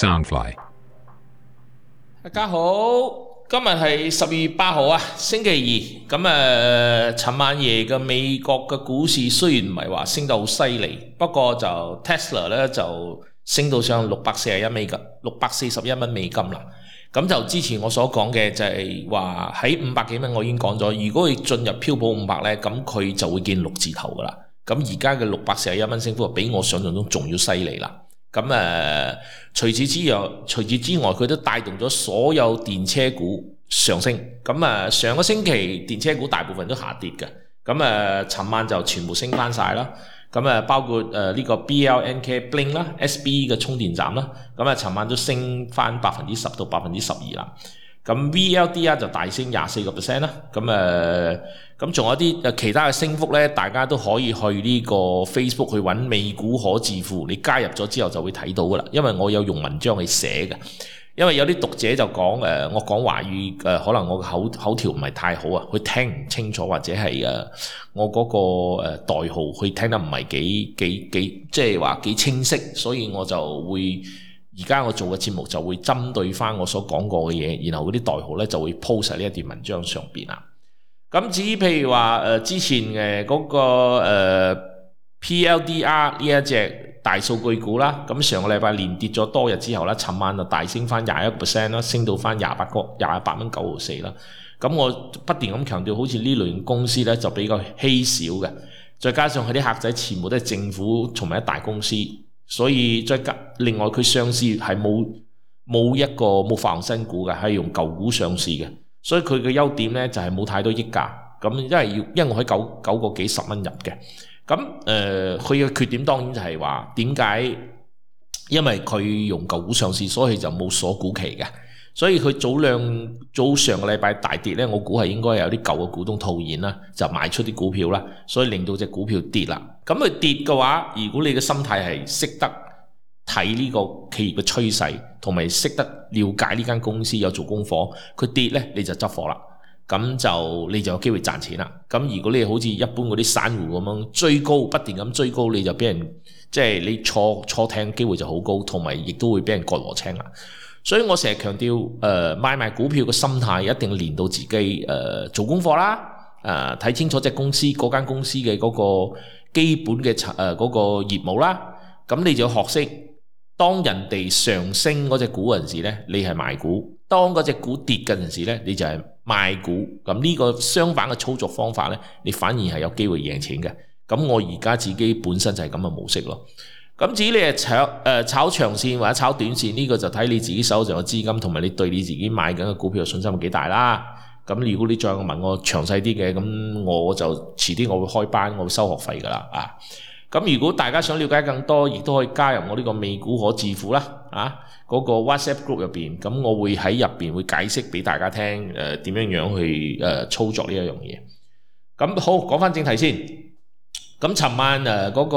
Soundfly，大家好，今日係十二月八號啊，星期二。咁啊，尋、呃、晚夜嘅美國嘅股市雖然唔係話升得好犀利，不過就 Tesla 咧就升到上六百四十一美金。六百四十一蚊美金啦。咁就之前我所講嘅就係話喺五百幾蚊，我已經講咗。如果佢進入標普五百咧，咁佢就會見六字頭㗎啦。咁而家嘅六百四十一蚊升幅，比我想象中仲要犀利啦。咁誒，除此之外，除此之外，佢都帶動咗所有電車股上升。咁誒，上個星期電車股大部分都下跌嘅。咁誒，尋晚就全部升翻晒啦。咁誒，包括誒呢個 BLNK Blink 啦，SB 嘅充電站啦。咁誒，尋晚都升翻百分之十到百分之十二啦。咁 VLD 啊就大升廿四個 percent 啦，咁誒，咁、呃、仲有啲誒其他嘅升幅咧，大家都可以去呢個 Facebook 去揾美股可致富，你加入咗之後就會睇到噶啦，因為我有用文章去寫嘅，因為有啲讀者就講誒、呃，我講華語誒、呃，可能我口口條唔係太好啊，佢聽唔清楚或者係誒、呃、我嗰個代號佢聽得唔係幾幾幾，即係話幾清晰，所以我就會。而家我做嘅節目就會針對翻我所講過嘅嘢，然後嗰啲代號咧就會 post 喺呢一段文章上邊啦。咁至於譬如話誒、呃、之前誒嗰、那個、呃、PLDR 呢一隻大數據股啦，咁上個禮拜連跌咗多日之後咧，尋晚就大升翻廿一 percent 啦，升到翻廿八個廿八蚊九毫四啦。咁我不斷咁強調，好似呢類公司咧就比較稀少嘅，再加上佢啲客仔全部都係政府同埋大公司。所以再加另外佢上市係冇冇一個冇發行新股嘅係用舊股上市嘅，所以佢嘅優點咧就係、是、冇太多溢價，咁因為要因為可以九九個幾十蚊入嘅，咁誒佢嘅缺點當然就係話點解？因為佢用舊股上市，所以就冇鎖股期嘅。所以佢早兩早上個禮拜大跌咧，我估係應該有啲舊嘅股東套現啦，就賣出啲股票啦，所以令到隻股票跌啦。咁佢跌嘅話，如果你嘅心態係識得睇呢個企業嘅趨勢，同埋識得了解呢間公司有做功課，佢跌咧你就執貨啦，咁就你就有機會賺錢啦。咁如果你好似一般嗰啲散戶咁樣追高，不斷咁追高，你就俾人即係、就是、你錯錯聽機會就好高，同埋亦都會俾人割禾青啦。所以我成日強調，誒、呃、買賣股票嘅心態一定練到自己，誒、呃、做功課啦，誒、呃、睇清楚隻公司、嗰間公司嘅嗰個基本嘅誒嗰個業務啦。咁你就要學識，當人哋上升嗰隻股嗰陣時咧，你係賣股；當嗰隻股跌嘅陣時咧，你就係賣股。咁呢個相反嘅操作方法咧，你反而係有機會贏錢嘅。咁我而家自己本身就係咁嘅模式咯。咁至於你係炒，誒炒長線或者炒短線，呢個就睇你自己手上嘅資金同埋你對你自己買緊嘅股票嘅信心有幾大啦。咁如果你再問我詳細啲嘅，咁我就遲啲我會開班，我會收學費噶啦。啊，咁如果大家想了解更多，亦都可以加入我呢個美股可致富啦。啊，嗰個 WhatsApp group 入邊，咁我會喺入邊會解釋俾大家聽，誒點樣樣去誒、呃、操作呢一樣嘢。咁好，講翻正題先。咁尋晚誒嗰個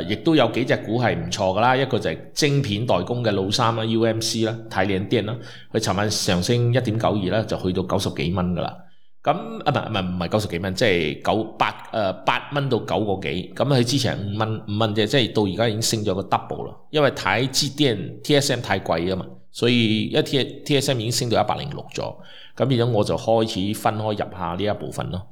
誒亦都有幾隻股係唔錯㗎啦，一個就係晶片代工嘅老三啦，UMC 啦，台聯電啦，佢尋晚上升一點九二啦，就去到九十幾蚊㗎啦。咁啊唔係唔係唔係九十幾蚊，即係九八誒八蚊到九個幾。咁佢之前五蚊五蚊啫，即係、就是、到而家已經升咗個 double 啦，因為台積電 TSM 太貴啊嘛。所以一 T T S M 已經升到一百零六咗，咁變咗我就開始分開入下呢一部分咯。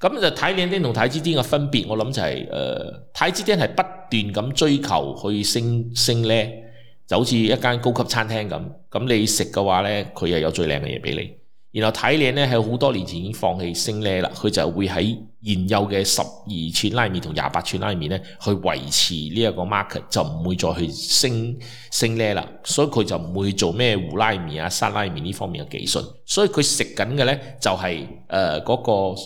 咁就睇靚啲同睇資金嘅分別，我諗就係、是、誒，睇資金係不斷咁追求去升升咧，就好似一間高級餐廳咁，咁你食嘅話咧，佢係有最靚嘅嘢畀你。然後睇你咧喺好多年前已經放棄升咧啦，佢就會喺現有嘅十二寸拉面同廿八寸拉面咧去維持呢一個 market，就唔會再去升升咧啦，所以佢就唔會做咩胡拉面啊、沙拉面呢方面嘅技術。所以佢食緊嘅咧就係誒嗰個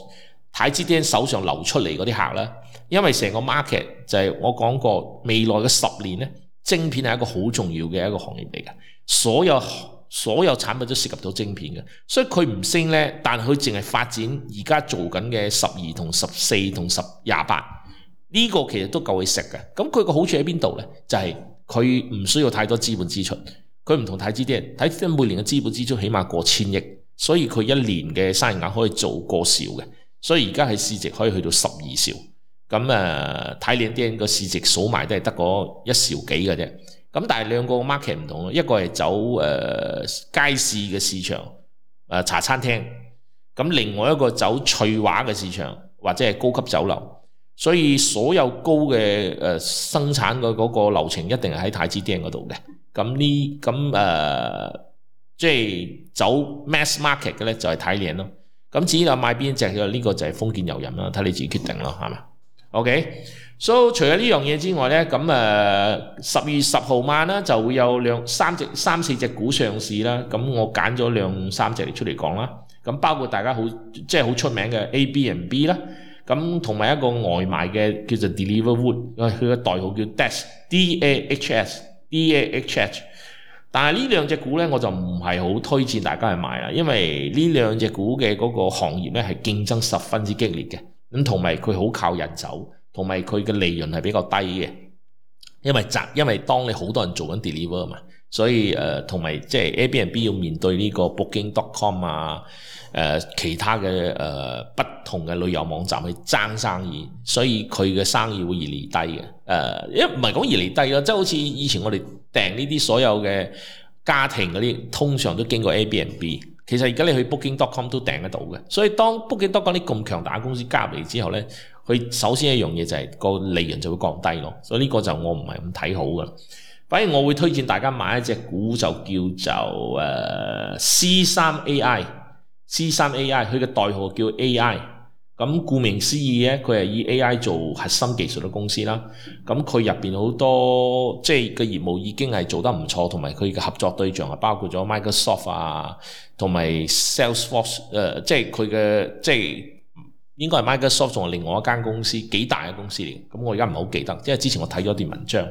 台積電手上流出嚟嗰啲客啦，因為成個 market 就係、是、我講過未來嘅十年咧，晶片係一個好重要嘅一個行業嚟嘅，所有。所有產品都涉及到晶片嘅，所以佢唔升呢。但佢淨係發展而家做緊嘅十二同十四同十廿八，呢個其實都夠佢食嘅。咁佢個好處喺邊度呢？就係佢唔需要太多資本支出，佢唔同台積電，台積電每年嘅資本支出起碼過千億，所以佢一年嘅生意額可以做過兆嘅。所以而家係市值可以去到十二兆，咁誒台聯電個市值數埋都係得個一兆幾嘅啫。咁但係兩個 market 唔同咯，一個係走誒、呃、街市嘅市場，誒、呃、茶餐廳；咁另外一個走翠華嘅市場，或者係高級酒樓。所以所有高嘅誒、呃、生產嘅嗰個流程一定係喺太子店嗰度嘅。咁呢咁誒，即係、呃就是、走 mass market 嘅咧，就係睇靚咯。咁至於買邊隻嘅呢個就係豐儉由人啦，睇你自己決定咯，係嘛？OK。所以、so, 除咗呢樣嘢之外咧，咁誒十二月十號晚咧、啊、就會有兩三隻、三四隻股上市啦。咁、啊、我揀咗兩三隻嚟出嚟講啦。咁、啊、包括大家好，即係好出名嘅 A、B、啊、和 B 啦。咁同埋一個外賣嘅叫做 Deliverwood 佢、啊、嘅代號叫 Dash D A S H D A S H，但係呢兩隻股咧，我就唔係好推薦大家去買啊，因為呢兩隻股嘅嗰個行業咧係競爭十分之激烈嘅。咁同埋佢好靠人手。同埋佢嘅利潤係比較低嘅，因為集，因為當你好多人做緊 delivery 嘛，所以誒同、呃、埋即係 Airbnb 要面對呢個 Booking.com 啊，誒、呃、其他嘅誒、呃、不同嘅旅遊網站去爭生意，所以佢嘅生意會而嚟低嘅。誒、呃，因為唔係講而嚟低咯，即、就、係、是、好似以前我哋訂呢啲所有嘅家庭嗰啲，通常都經過 Airbnb，其實而家你去 Booking.com 都訂得到嘅。所以當 Booking.com 啲咁強大嘅公司加入嚟之後咧。佢首先一樣嘢就係個利潤就會降低咯，所以呢個就我唔係咁睇好嘅。反而我會推薦大家買一隻股就叫做誒、呃、C3 AI，C3 AI 佢嘅代號叫 AI。咁顧名思義咧，佢係以 AI 做核心技術嘅公司啦。咁佢入邊好多即係嘅業務已經係做得唔錯，同埋佢嘅合作對象係包括咗 Microsoft 啊，同埋 Salesforce 誒、呃，即係佢嘅即係。就是應該係 Microsoft 仲係另外一間公司，幾大嘅公司嚟。咁我而家唔係好記得，因為之前我睇咗段文章。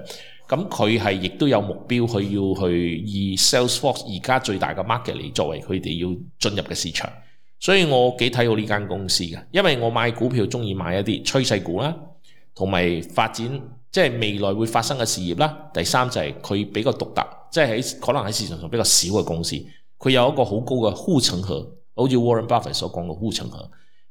咁佢係亦都有目標，佢要去以 Salesforce 而家最大嘅 market 嚟作為佢哋要進入嘅市場。所以我幾睇好呢間公司嘅，因為我買股票鍾意買一啲趨勢股啦，同埋發展即係、就是、未來會發生嘅事業啦。第三就係佢比較獨特，即係喺可能喺市場上比較少嘅公司，佢有一個好高嘅護城河，好似 Warren Buffett 所講嘅護城河。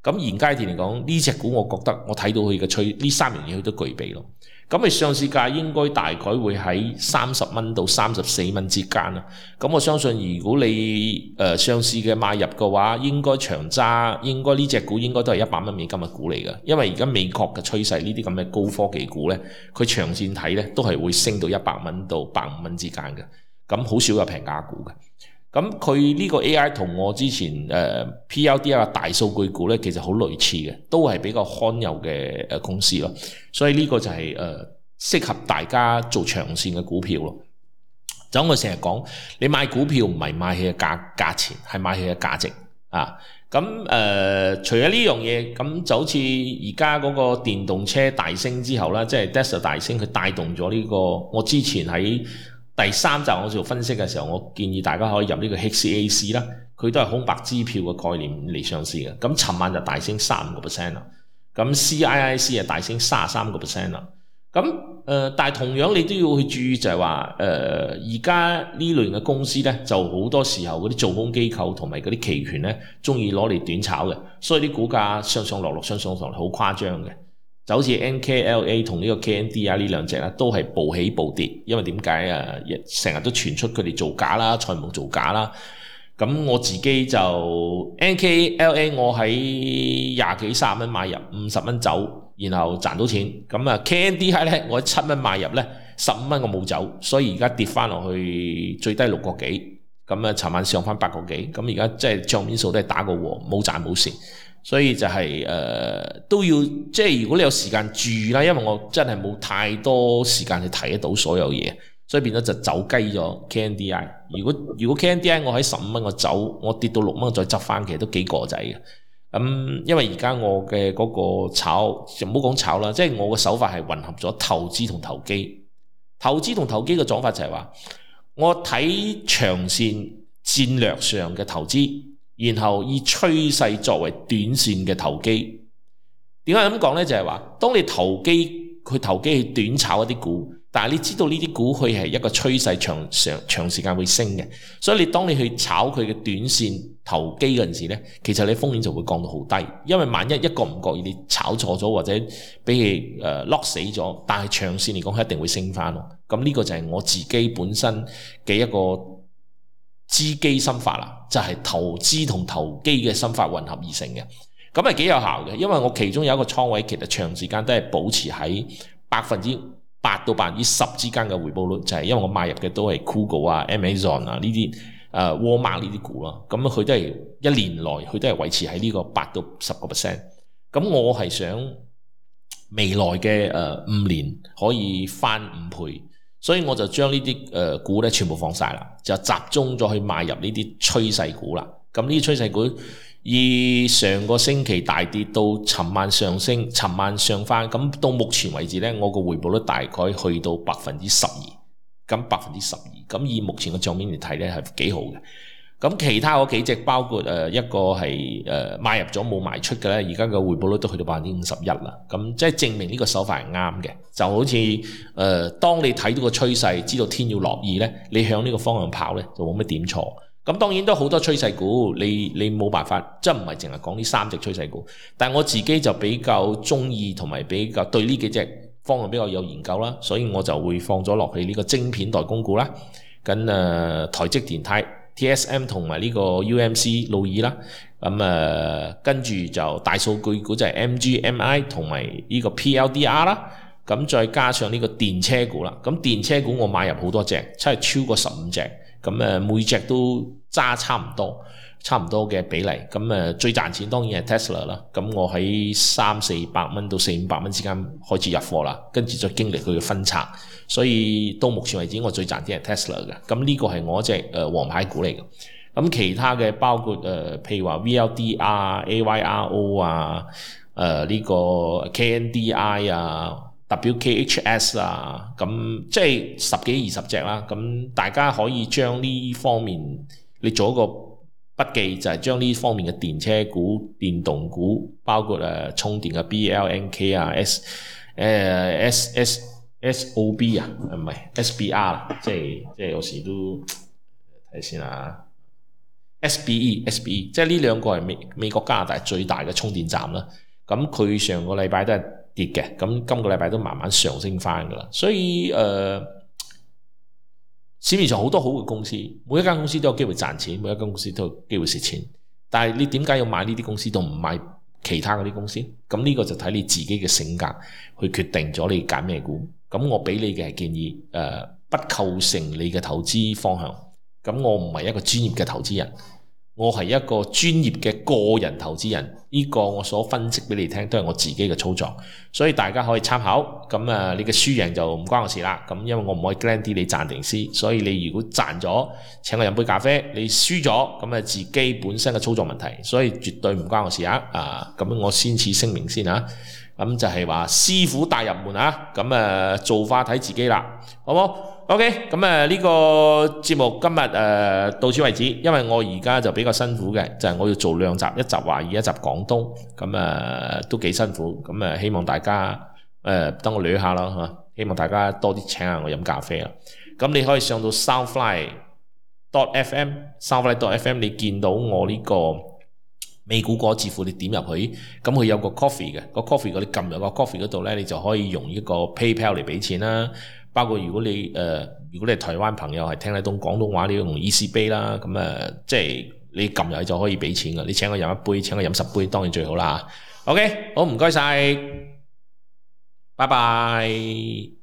咁現階段嚟講，呢隻股我覺得我睇到佢嘅趨，呢三樣嘢佢都具備咯。咁咪上市價應該大概會喺三十蚊到三十四蚊之間啦。咁我相信如果你誒、呃、上市嘅買入嘅話，應該長揸，應該呢隻股應該都係一百蚊美金嘅股嚟嘅。因為而家美國嘅趨勢，呢啲咁嘅高科技股呢，佢長線睇呢都係會升到一百蚊到百五蚊之間嘅。咁好少有平價股嘅。咁佢呢個 AI 同我之前誒、呃、PLDA 嘅大數據股咧，其實好類似嘅，都係比較罕有嘅誒公司咯。所以呢個就係、是、誒、呃、適合大家做長線嘅股票咯。就我成日講，你買股票唔係買佢嘅價價錢，係買佢嘅價值啊。咁誒、呃，除咗呢樣嘢，咁就好似而家嗰個電動車大升之後啦，即、就、係、是、Tesla 大升，佢帶動咗呢、這個我之前喺。第三集、就係、我做分析嘅時候，我建議大家可以入呢個 HCAC 啦，佢都係空白支票嘅概念嚟上市嘅。咁尋晚就大升三個 percent 啦，咁 CIIC 啊大升卅三個 percent 啦。咁誒、呃，但係同樣你都要去注意就係話誒，而家呢類嘅公司咧，就好多時候嗰啲做空機構同埋嗰啲期權咧，中意攞嚟短炒嘅，所以啲股價上上落落，上上落落好誇張嘅。就好似 N K L A 同呢個 K N D 啊呢兩隻啦，都係暴起暴跌，因為點解啊？成日都傳出佢哋造假啦，財務造假啦。咁我自己就 N K L A，我喺廿幾三十蚊買入，五十蚊走，然後賺到錢。咁啊 K N D 咧，我七蚊買入咧，十五蚊我冇走，所以而家跌翻落去最低六個幾。咁啊，尋晚上翻八個幾。咁而家即係帳面數都係打個和，冇賺冇蝕。所以就係、是、誒、呃、都要，即係如果你有時間住啦，因為我真係冇太多時間去睇得到所有嘢，所以變咗就走雞咗 KNDI。如果如果 KNDI 我喺十五蚊我走，我跌到六蚊再執翻，其實都幾過仔嘅。咁、嗯、因為而家我嘅嗰個炒，炒就唔好講炒啦，即係我嘅手法係混合咗投資同投機。投資同投機嘅講法就係、是、話，我睇長線戰略上嘅投資。然後以趨勢作為短線嘅投機，點解咁講呢？就係話，當你投機，佢投機去短炒一啲股，但係你知道呢啲股佢係一個趨勢長長長時間會升嘅，所以你當你去炒佢嘅短線投機嗰陣時呢，其實你風險就會降到好低，因為萬一一個唔覺意你炒錯咗，或者俾佢誒 lock 死咗，但係長線嚟講，佢一定會升翻咯。咁呢個就係我自己本身嘅一個。資基心法啦，就係投資同投機嘅心法混合而成嘅，咁係幾有效嘅。因為我其中有一個倉位，其實長時間都係保持喺百分之八到百分之十之間嘅回報率，就係因為我買入嘅都係 Google 啊、Amazon 啊呢啲誒沃爾瑪呢啲股咯，咁佢都係一年內佢都係維持喺呢個八到十個 percent。咁我係想未來嘅誒五年可以翻五倍。所以我就將、呃、呢啲誒股咧全部放晒啦，就集中咗去買入呢啲趨勢股啦。咁呢啲趨勢股以上個星期大跌到，尋晚上升，尋晚上翻。咁到目前為止咧，我個回報率大概去到百分之十二。咁百分之十二，咁以目前嘅帳面嚟睇咧，係幾好嘅。咁其他嗰幾隻包括一個係誒買入咗冇賣出嘅咧，而家嘅回報率都去到百分之五十一啦。咁即係證明呢個手法係啱嘅。就好似誒、呃，當你睇到個趨勢，知道天要落雨咧，你向呢個方向跑咧，就冇乜點錯。咁當然都好多趨勢股，你你冇辦法，即係唔係淨係講呢三隻趨勢股。但係我自己就比較中意同埋比較對呢幾隻方向比較有研究啦，所以我就會放咗落去呢個晶片代工股啦，跟誒、呃、台積電梯。TSM 同埋呢個 UMC 路易啦、啊，咁誒跟住就大數據股就係、是、MGMI 同埋呢個 PLDR 啦、啊，咁再加上呢個電車股啦，咁、啊、電車股我買入好多隻，真係超過十五隻，咁、啊、誒每隻都揸差唔多，差唔多嘅比例，咁、啊、誒最賺錢當然係 Tesla 啦、啊，咁我喺三四百蚊到四五百蚊之間開始入貨啦，跟住再經歷佢嘅分拆。所以到目前為止，我最賺錢係 Tesla 嘅，咁呢個係我隻誒黃牌股嚟嘅。咁其他嘅包括誒、呃，譬如話 VLDR AYRO 啊，誒、呃、呢、這個 KNDI 啊、WKHS 啊，咁即係十幾二十隻啦。咁大家可以將呢方面你做一個筆記，就係、是、將呢方面嘅電車股、電動股，包括誒、啊、充電嘅 BLNK 啊、呃、S 誒 SS。S O B 啊，唔係 S B R，即係即係有時都睇先啦。S B E S B E 即係呢兩個係美美國加拿大最大嘅充電站啦。咁佢上個禮拜都係跌嘅，咁今個禮拜都慢慢上升翻噶啦。所以誒、呃，市面上好多好嘅公司，每一間公司都有機會賺錢，每一間公司都有機會蝕錢。但係你點解要買呢啲公司，同唔買其他嗰啲公司？咁呢個就睇你自己嘅性格去決定咗你揀咩股。咁我畀你嘅建議，誒、呃、不構成你嘅投資方向。咁我唔係一個專業嘅投資人。我係一個專業嘅個人投資人，呢個我所分析俾你聽都係我自己嘅操作，所以大家可以參考。咁啊，你嘅輸贏就唔關我事啦。咁因為我唔可以 grant 啲你賺定輸，所以你如果賺咗請我飲杯咖啡，你輸咗咁啊自己本身嘅操作問題，所以絕對唔關我事啊。啊，咁我先此聲明先嚇，咁就係話師傅帶入門啊，咁啊做法睇自己啦，好冇？OK，咁啊呢個節目今日誒、呃、到此為止，因為我而家就比較辛苦嘅，就係、是、我要做兩集，一集華爾，一集廣東，咁、嗯、啊、嗯、都幾辛苦，咁、嗯、啊希望大家誒、呃、等我捋下咯嚇，希望大家多啲請下我飲咖啡啦。咁、嗯、你可以上到 Soundfly f m s o u n d f m 你見到我呢、這個美股個字庫，你點入去，咁、嗯、佢有個 coffee 嘅，個 coffee 嗰啲撳入個 coffee 嗰度咧，你就可以用呢個 PayPal 嚟俾錢啦。包括如果你誒、呃，如果你係台灣朋友係聽得懂廣東話，你用 ECPay 啦，咁誒，即係你撳入去就可以畀錢㗎。你請我飲一杯，請我飲十杯，當然最好啦 O、okay? K，好唔該晒，拜拜。Bye bye。